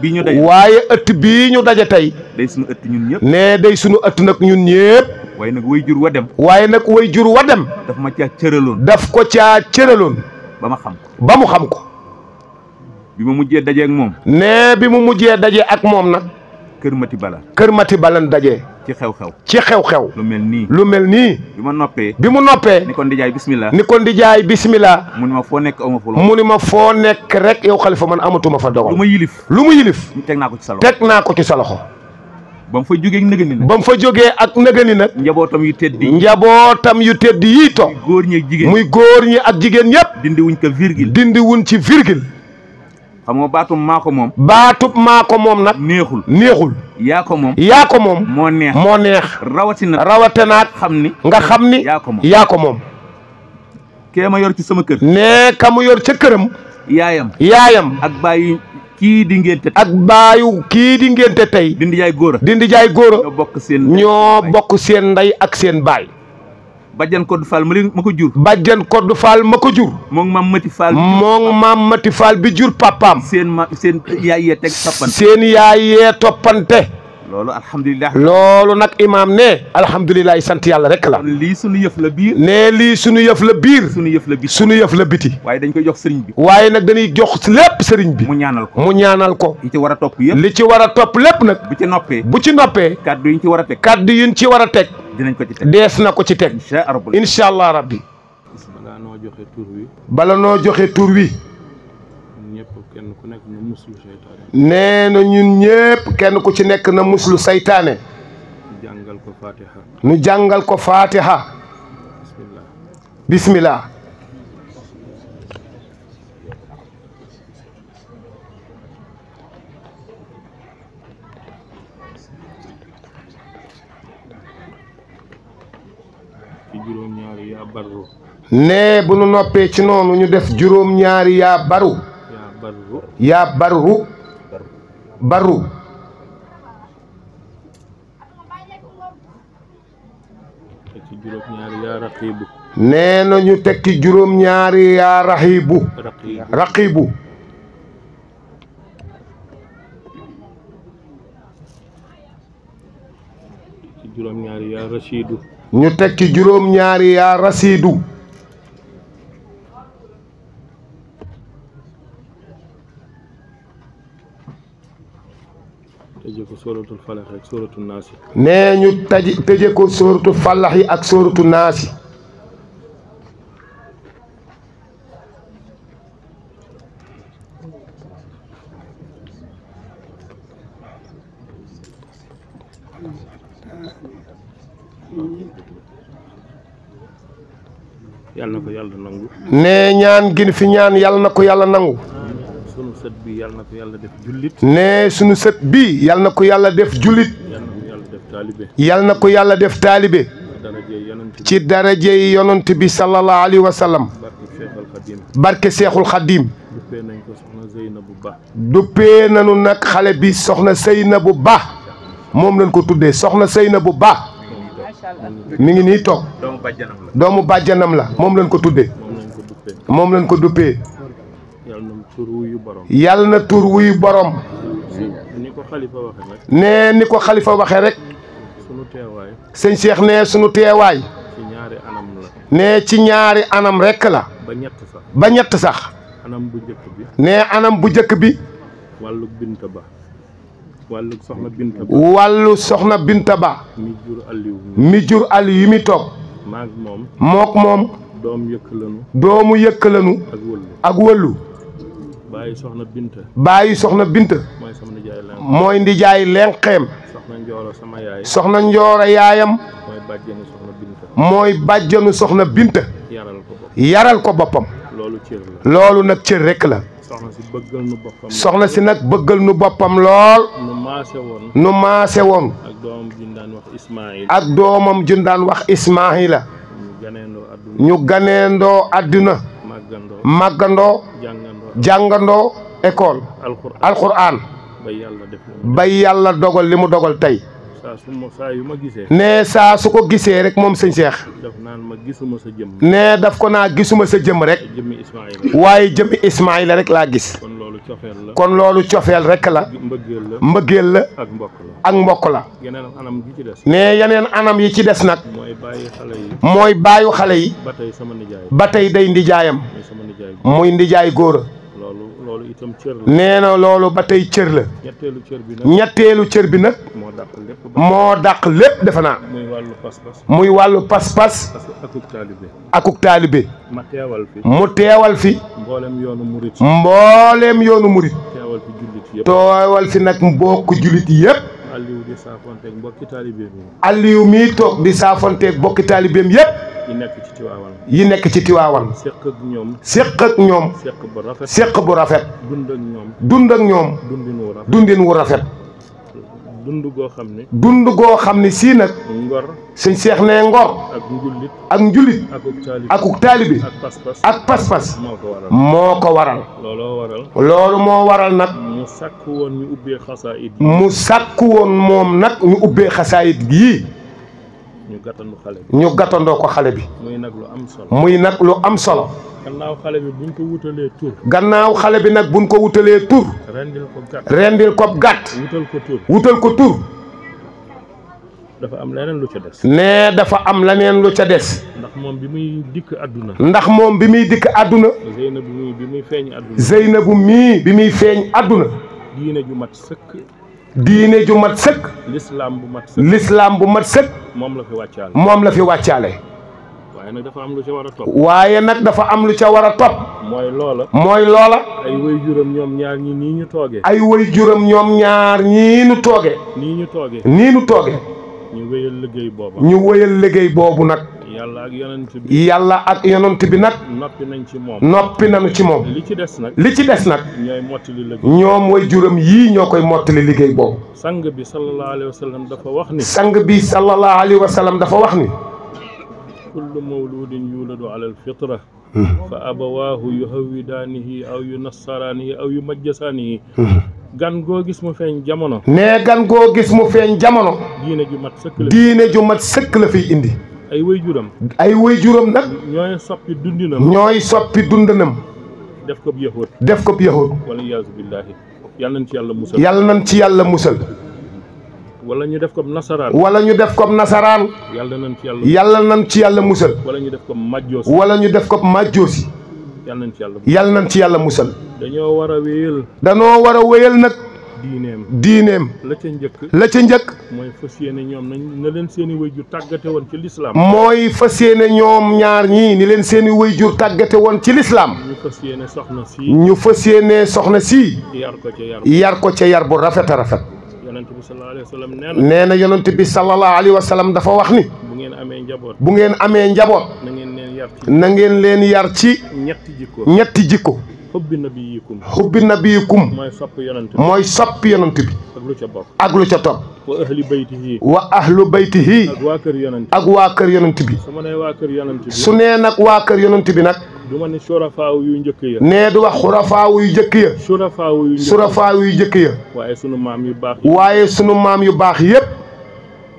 bii ñu daje waaye ëtt bii ñu daje tey. day ñëpp. nee day sunu ëtt nag ñun ñëpp. waaye nag way jur wa dem. waaye nag way jur wa dem. daf ma daf ko caa cëraloon. ba ma xam ba mu xam ko. bi mu mujjee daje ak moom. nee bi mu mujjee daje ak moom nag. kër Mati Bala. kër Mati Balan daje. ci xew-xew ci xew-xew lu mel nii lu mel nii bi ma noppee bi mu noppee ni kon di jaay ni kon di bismillah mu ni ma foo nekk awma ma foo nekk rek yow xalifa man amatuma fa dogal lu ma yilif lu mu yilif teg naa ko ci sa naa ko ci sa loxo ba mu fa jógee ak nëgëni ba fa jógee ak nëgëni nag njabootam yu tedd yi njabootam yu tedd yii toog góor ñi ak jigéen muy góor ñi ak jigéen ñëpp dindi wuñ ko virgule dindi wuñ ci virgil baatu maako moom baatub maa moom nag neexul neexul yaako ko moom moom moo neex moo neex rawatina rawatinaat xam ni nga xam ni yaa ko moom yaa ko moom kee ma yor ci sama kër ne ka yor ca këram yaayam yaayam ak bàyyi kii di ak baayu kii di ngénte tey dindi jaay góor dindi jaay góor bokk seen ñoo bokk seen ndey ak seen baay bajjan Kodou Fall ma leen ma ko jur. bajjan Kodou Fall ma jur. moom maam Mati Fall. bi jur papaam. seen ma seen yaay yee teg seen yaay toppante. loolu alhamdulilah. loolu nag imaam ne. alhamdulilah sant yàlla rek la. lii sunu yëf la biir. ne lii sunu yëf la biir. sunu yëf la biti sunu yëf la biti. waaye dañ koy jox sëriñ bi. waaye nag dañuy jox lépp sëriñ bi. mu ñaanal ko mu ñaanal ko. li ci war a topp yëpp li ci war a topp lépp nag. bu ci noppee bu ci noppee. kaddu yi ñu ci war a teg kaddu yi ñu ci war a teg. dinañ ko ci teg dees na ko ci teg. incha allah rabbi. bala noo joxe tur wi. ku nekk nee na ñun ñëpp kenn ku ci nekk na muslu seytaane. ñu jàngal ko Fatiha. ñu jàngal ko Fatiha. bismillah. ne bu nu noppee ci noonu ñu def juróom-ñaari yaa baru. yaa barru barru nee na ñu tekki juróom-ñaari yaa raxiibu raxiibu ñu tekki juróom-ñaari yaa rasiidu tëjee ko sóoratul falax nee ko sóoratul ak sóoratul naasi. yàlla na ko yàlla nangu. nee ñaan gin fi ñaan yàlla na ko yàlla nangu. sët na ko yàlla def jullit. nee sunu sët bi yàlla na ko yàlla def jullit. yàlla na ko yàlla def taalibe. yàlla na ci darajey yonent bi sallallahu alayhi wa sallam. barke Seexul Xadim. duppee nañ ko soxna Seynabu Ba. duppee nag xale bi soxna sëy na Seynabu baax moom lañ ko tuddee soxna na Seynabu Ba. mi ngi nii toog. doomu bàjjanam la. doomu bàjjanam la moom lañ ko tuddee. moom lañ ko duppee. tur wuyu borom. yàlla na tur wuyu borom. ni ko xalifa nee ni ko xalifa waxee rek. sunu teewaay. sëñ Cheikh nee sunu teewaay. ñaari anam nee ci ñaari anam rekk la. ba ñett sax. anam bu nee anam bu njëkk bi. wàllu Binta Ba. wàllu soxna Binta Ba. soxna Binta Ba. mi jur Aliou. yi mi toog. maag mook moom. doomu yëkkalanu. ak wëllu. bàyyi soxna bint bàyyi soxna Binta. mooy sama nijaay lenqeem. mooy nijaay lenqeem. soxna Njooro sama yaay. soxna Njooro yaayam. mooy bàjjenu soxna Binta. mooy bàjjenu soxna Binta. yaral ko boppam. yaral ko boppam. loolu cër nag cër rek la. soxna si bëggal soxna si nag bëggal nu boppam lool. nu maase woon. maase woon. ak doomam jun daan wax Ismaïla. ak doomam jun daan wax Ismaïla. ñu ganeendoo adduna. ñu ganeendoo adduna. màggandoo màggandoo. jàngandoo école. alquran bay yàlla dogal li mu dogal tey. ne saa su ko gisee rek moom sëñ Cheikh. ne daf ko naa gisuma sa jëm rek. waaye jëmmi Ismaïla rek laa gis. kon loolu cofeel rek la. mbëggeel la ak mbokk la. ne yeneen anam yi ci des nag. mooy baayu xale yi. ba tey day ndijaayam. muy ndijaay góor loolu itam cër la. nee na loolu ba tey cër la. ñetteelu cër bi nag ñetteelu cër bi nag. moo dàq lépp moo dàq lépp defe naa. muy wàllu pas-pas. muy wàllu pas-pas. akuk taalibe. akuk taalibe. ma teewal fi. mu teewal fi. mboolem yoonu murit. yoonu murit. teewal fi nag mbokku jullit yëpp. Aliou di mii toog di saafonteeg mbokki taalibeem yëpp. yi nekk ci Tiwaawan. nekk ci Tiwaawan. séq ak ñoom. séq ak ñoom. séq bu rafet bu rafet. dund ak ñoom. ñoom. dundin wu rafet wu rafet. dund goo xam ne. dund goo xam ne sii nag. ngor suñ seex ne ngor. ak njullit ak njullit. akuk taalibi ak pas-pas ak pas-pas. moo ko waral. looloo waral. loolu moo waral nag. mu sàkk woon ñu ubbee xasaayit. mu yii. ñu gàttandoo ko xale bi. muy nag lu am solo. muy nag lu am solo. gannaaw xale bi buñ ko wutalee tur. gannaaw xale bi nag buñ ko wutalee tur. rendil ko gàtt. gàtt. wutal ko tur. wutal ko tur. dafa am leneen lu ca des. nee dafa am leneen lu ca des. ndax moom bi muy dikk àdduna. ndax moom bi muy dikk àdduna. Zeynabu mii bi muy feeñ àdduna. Zeynabu mii bi muy feeñ àdduna. diine ju mat diine ju mat sëkk. lislaam bu mat sëkk. lislaam bu mat sëkk. moom la fi wàccaale. moom la fi wàccaale. waaye nag dafa am lu ca war a topp. waaye nag dafa am lu ca war a topp. mooy loola. mooy loola. ay waajuram ñoom ñaar ñii ñu toogee. ay waajuram ñoom ñaar ñii ñu toogee. nii ñu toogee. nii ñu toogee. ñu wéyal liggéey boobu. ñu wéyal liggéey boobu nag. yàlla ak yonent bi yàlla ak yonent bi nag. noppi nañ ci moom noppi nañu ci moom. li ci des nag li ci des nag. ñooy mottali liggéey ñoom way juróom ñoo koy mottali liggéey boobu. sang bi sallallahu alayhi wa wax ni. sang bi sallallahu alayhi wa dafa wax ni. kullu mawludin yuladu ala alfitra hmm. fa abawaahu yuhawidaanihi aw yunassaraanihi aw yumajjasaanihi hmm. gan nee gan goo gis mu feeñ jamono. diine ju mat sëkk indi. ay waajuram ay waajuram nag. ñooy soppi dundinam. ñooy soppi dundinam. def ko yahud def ko yahud. wala yaasu billaahi nañ ci yàlla musal. yàlla nañ ci yàlla musal. wala ñu def ko nasaraan. wala ñu def ko nasaraan. yàlla nañ ci yàlla. nañ ci yàlla musal. wala ñu def ko majjoosi. wala ñu def ko majjoosi. yàlla nañ ci yàlla. nañ ci yàlla musal. dañoo war a wéyal. dañoo war a wéyal nag. diineem diineem. la ca njëkk la njëkk. mooy fas yéene ñoom nañ leen seen i wayjur woon ci lislaam mooy fas yéene ñoom ñaar ñii ni leen seen i wayjur tàggate woon ci lislaam ñu fas yéene soxna si. ñu fas yéene soxna si. yar ko ca yar yar ko ca yar bu rafet a rafet. nee na yonent bi sallallahu alayhi wa sallam dafa wax ni. bu ngeen amee njaboot bu ngeen amee njaboot. na ngeen leen yar ci na ngeen leen yar ci. ñetti jikko ñetti jikko. xubbi nabiyikum xubbi nabiyikum mooy soppi yonent bi mooy soppi yonent bi ak lu ca bokk ak lu ca topp wa ahli baytihi wa ahlu baytihi ak waa kër yonent ak waa kër yonent bi su ma nee waa kër yonent bi su nee nag waa kër yonent bi nag du ma ne surafaaw yu njëkk ya nee du wax xurafaaw yu njëkk ya surafaaw yu surafaaw yu njëkk ya waaye sunu maam yu baax waaye sunu maam yu baax yëpp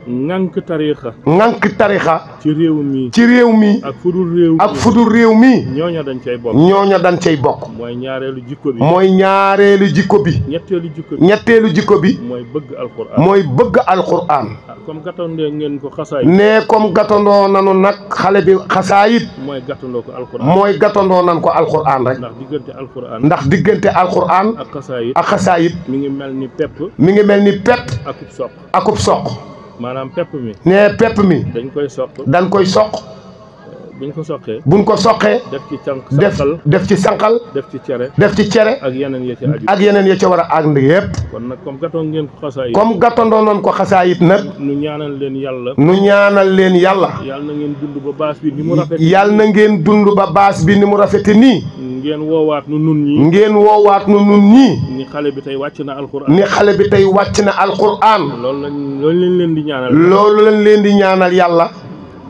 nank tariixa. ŋànk tariixa. ci réew mi ci réew mi. ak fudul réew mi ak fudul réew mi. ñooña dañ cay bokk. ñooña dañ cay bokk. mooy ñaareelu jikko bi. mooy ñaareelu jikko bi. ñetteelu jikko bi ñetteelu jikko bi. mooy bëgg alxuraan. mooy bëgg alxuraan. Ah, comme gàttandoo ngeen ko xasaayit. nee comme gàttandoo nanu nag xale bi xasaayit. mooy gàttandoo ko alxuraan. mooy gàttandoo nan ko alxuraan rek. ndax diggante alxuraan. ndax diggante alxuraan. ak xasaayit ak xasaayit. mi ngi mel ni pepp. mi ngi mel ni pepp. akub soq soq maanaam pepp mi. nee pepp mi. dañ koy soq. dañ koy soq. buñ ko soqee buñ ko soqee. def ci sànqal def ci sànqal. def ci cere def ci cere. ak yeneen ya ca aju ak yeneen ya ca war a ànd yëpp. kon nag comme gàttoon ngeen ko xasaayit. comme gàttandoo noon ko xasaayit nag. nu ñaanal leen yàlla. nu ñaanal leen yàlla. yàlla na ngeen dund ba baas bi ni mu rafet. yàlla na ngeen dund ba baas bi ni mu rafete nii. ngeen woowaat nu nun ñii. ngeen woowaat nu nun ñii. ni xale bi tey wàcc na alquran. ni xale bi tey wàcc na alquran. loolu lañ loolu lañ leen di ñaanal. loolu lañ leen di ñaanal yàlla.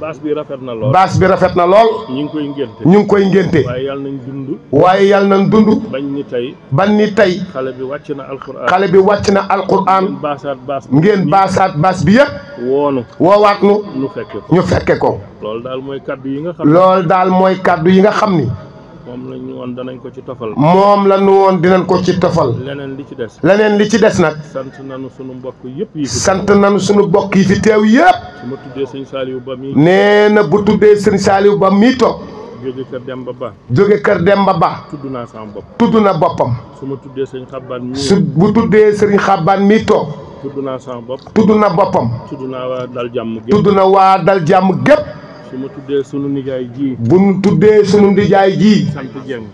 baas bi rafet na lool baas bi rafet na lool. ñu ngi koy ngénte ñu ngi koy ngénte. waaye yàlla nañ dund. waaye yàlla nañ dund. bañ ni tey. bañ ni tey. xale bi wàcc na alquran xale bi wàcc na alquran. ngeen baasaat baas bi ngeen baasaat baas bi yëpp. woonu woowaat nu. ñu fekke ko ñu fekke ko. loolu daal mooy kàddu yi nga xam ne. daal mooy kaddu yi nga xam ni. moom la ñu woon danañ ko ci tofal. moom la ñu woon dinañ ko ci tofal. leneen li ci des. leneen li ci des nag. sant nañu sunu mbokk yëpp yi. sant nañu sunu mbokk yi fi teew yëpp. su tuddee sëñ Saliou Ba mii. nee na bu tuddee sëñ Saliou Ba mii toog. jóge kër Demba Ba. jóge kër Demba Ba. tudd naa sama bopp. na boppam. su ma tuddee sëñ Xabaan mii. su bu tuddee sëñ Xabaan mii toog. tudd naa tudd na boppam. tudd naa waa jàmm gépp. tudd na waa dal jàmm gépp. bu ma tuddee sunu nijaay ji. bu nu tuddee sunu nijaay ji. sant Dieng.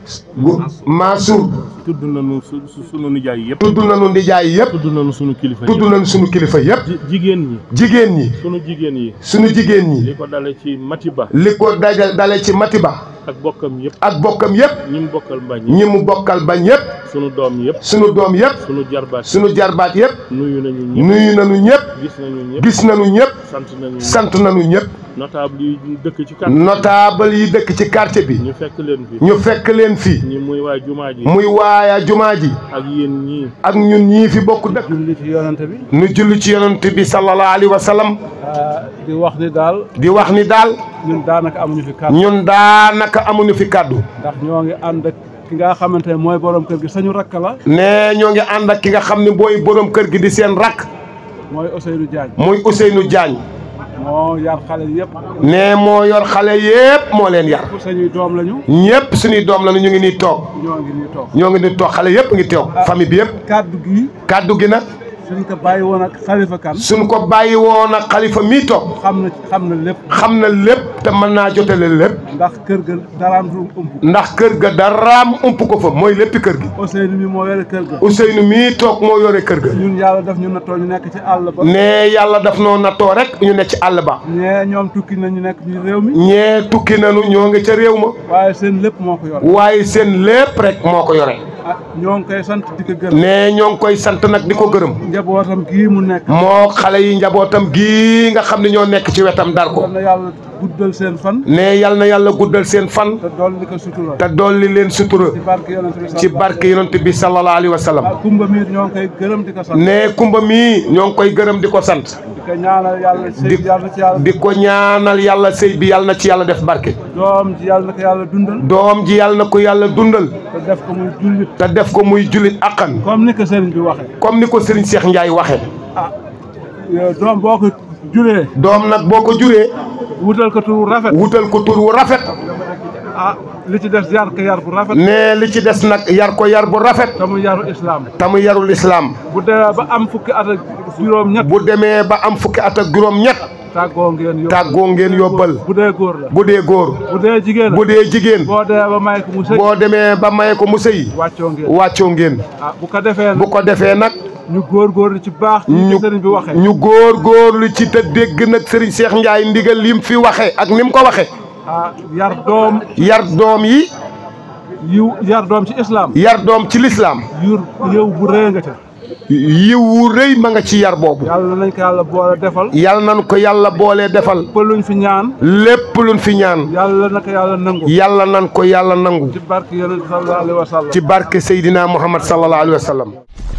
Mansour. tudd nañu su sunu nijaay yëpp. tudd nañu nijaay yëpp. tudd nañu sunu kilifa yëpp tudd nañu sunu kilifa yëpp. jigéen ñi. jigéen ñi. sunu jigéen ñi. sunu jigéen ñi. li ko dale ci Matiba. li ko dale ci Matiba. ak bokkam yëpp. ak bokkam yëpp. ñi mu bokkal bañ ñi mu bokkal bañ yëpp. sunu doom yëpp. sunu doom yëpp. sunu jarbaat sunu jarbaat yëpp. nuyu nañu ñëpp nuyu nañu ñëpp. gis nañu ñëpp gis nañu ñëpp. sant nañu ñëpp sant nañu ñëpp. notable yi dëkk ci quartier notable yi dëkk ci quartier bi. ñu fekk leen fi ñu fekk leen fi. muy waa jumaa ji muy waa. aaya jumaa ji. ak yéen ak ñun ñii fi bokk dëkk. julli ci yonante bi. nu julli ci yonante bi sallallahu alayhi wa sallam. Ah, di wax ni daal. di wax ni daal. ñun daanaka amuñu fi kàddu. ñun daanaka amuñu fi kàddu. ndax ñoo ngi ànd ak ki nga xamante ne mooy borom kër gi sañu rakk la. ne ñoo ngi ànd ak ki nga xam ne booy borom kër gi di seen rakk. mooy Ousseynou Diagne. mooy Ousseynou Diagne. moo yar xale yëpp. nee moo yor xale yëpp moo leen yar. suñuy doom lañu. ñëpp suñuy doom lañu ñu ngi nii toog. ñoo ngi nii toog ñoo ngi nii toog xale yëpp ngi toog. famille bi yëpp. kàddu gi. kaddu gi nag. suñ ko bàyyi woon ak xalifa kan. suñ ko bàyyi woon ak xalifa mii toog. xam na xam na lépp. xam na lépp te mën naa jotale lépp. ndax kër ga daraam du ndax kër ga daraam ëmp ko fa mooy léppi kër gi. Ousseynou mii moo yore kër ga. Ousseynou mii toog moo yore kër ga. ñun yàlla def ñu nattoo ñu nekk ci àll ba. nee yàlla daf noo nattoo rek ñu nekk ci àll ba. ñee ñoom tukki na ñu nekk ci réew mi. ñee tukki na nu ñoo ngi ca réew ma. waaye seen lépp moo ko yore. waaye seen lépp rek moo ko yore. ñoo ngi mais ñoo ngi koy sant nag di ko gërëm. njabootam gii mu nekk. moo xale yi njabootam gii nga xam ne ñoo nekk ci wetam dar ko. guddal seen fan. ne yal na yàlla guddal seen fan. te dolli ko leen sutura. ci barke yonent bi sallallahu alayhi wa sallam. ne kumba mii ñoo ngi ne kumba mii ñoo ngi koy gërëm di ko sant. ko ñaanal yàlla sëy bi yàlla na ci yàlla. di ko ñaanal yàlla sey bi yàlla ci yàlla def barke. doom ji yàlla na ko yàlla dundal. doom ji yàlla na ko yàlla dundal. te def ko muy jullit. te def ko muy jullit akkan. comme ni ko sëriñ bi waxee. comme ni ko seriñ seex Ndiaye waxee. ah doom boo ko juree. doom nag boo ko juree. wutal ko tur rafet. wutal ko tur wu rafet. ah li ci des yar bu rafet. nee li ci des nag yar ko yar bu rafet. tamu yaru islam. tamu yarul islam. bu demee ba am fukki at ak juróom-ñett. bu demee ba am fukki at ak juróom-ñett. ngeen yóbbal tàggoo ngeen yóbbal. bu dee góor bu dee góor. bu dee jigéen bu dee jigéen. boo demee ba maye ko mu sëy. boo demee ba maye ko mu sëy. wàccoo ngeen wàccoo ngeen. ah bu ko defee nag bu ko defee nag. ñu góorgóorlu ci baax. ñu sëriñ bi waxee ñu góorgóorlu ci te dégg nag sëriñ Cheikh Ndiaye ndigal lim fi waxee ak ni mu ko waxee. yar doom yar doom yi yiw yar doom ci islam yar doom ci lislaam yiw yiw bu rëy nga ca wu rëy ma nga ci yar boobu yàlla nañ ko yàlla boole defal yàlla nañ ko yàlla boole defal lépp luñ fi ñaan lépp luñ fi ñaan yàlla na ko yàlla nangu yàlla nañ ko yàlla nangu ci barke yonent sallallahu alayhi wa sallam ci barke Seydina Muhammad sallallahu alayhi wa sallam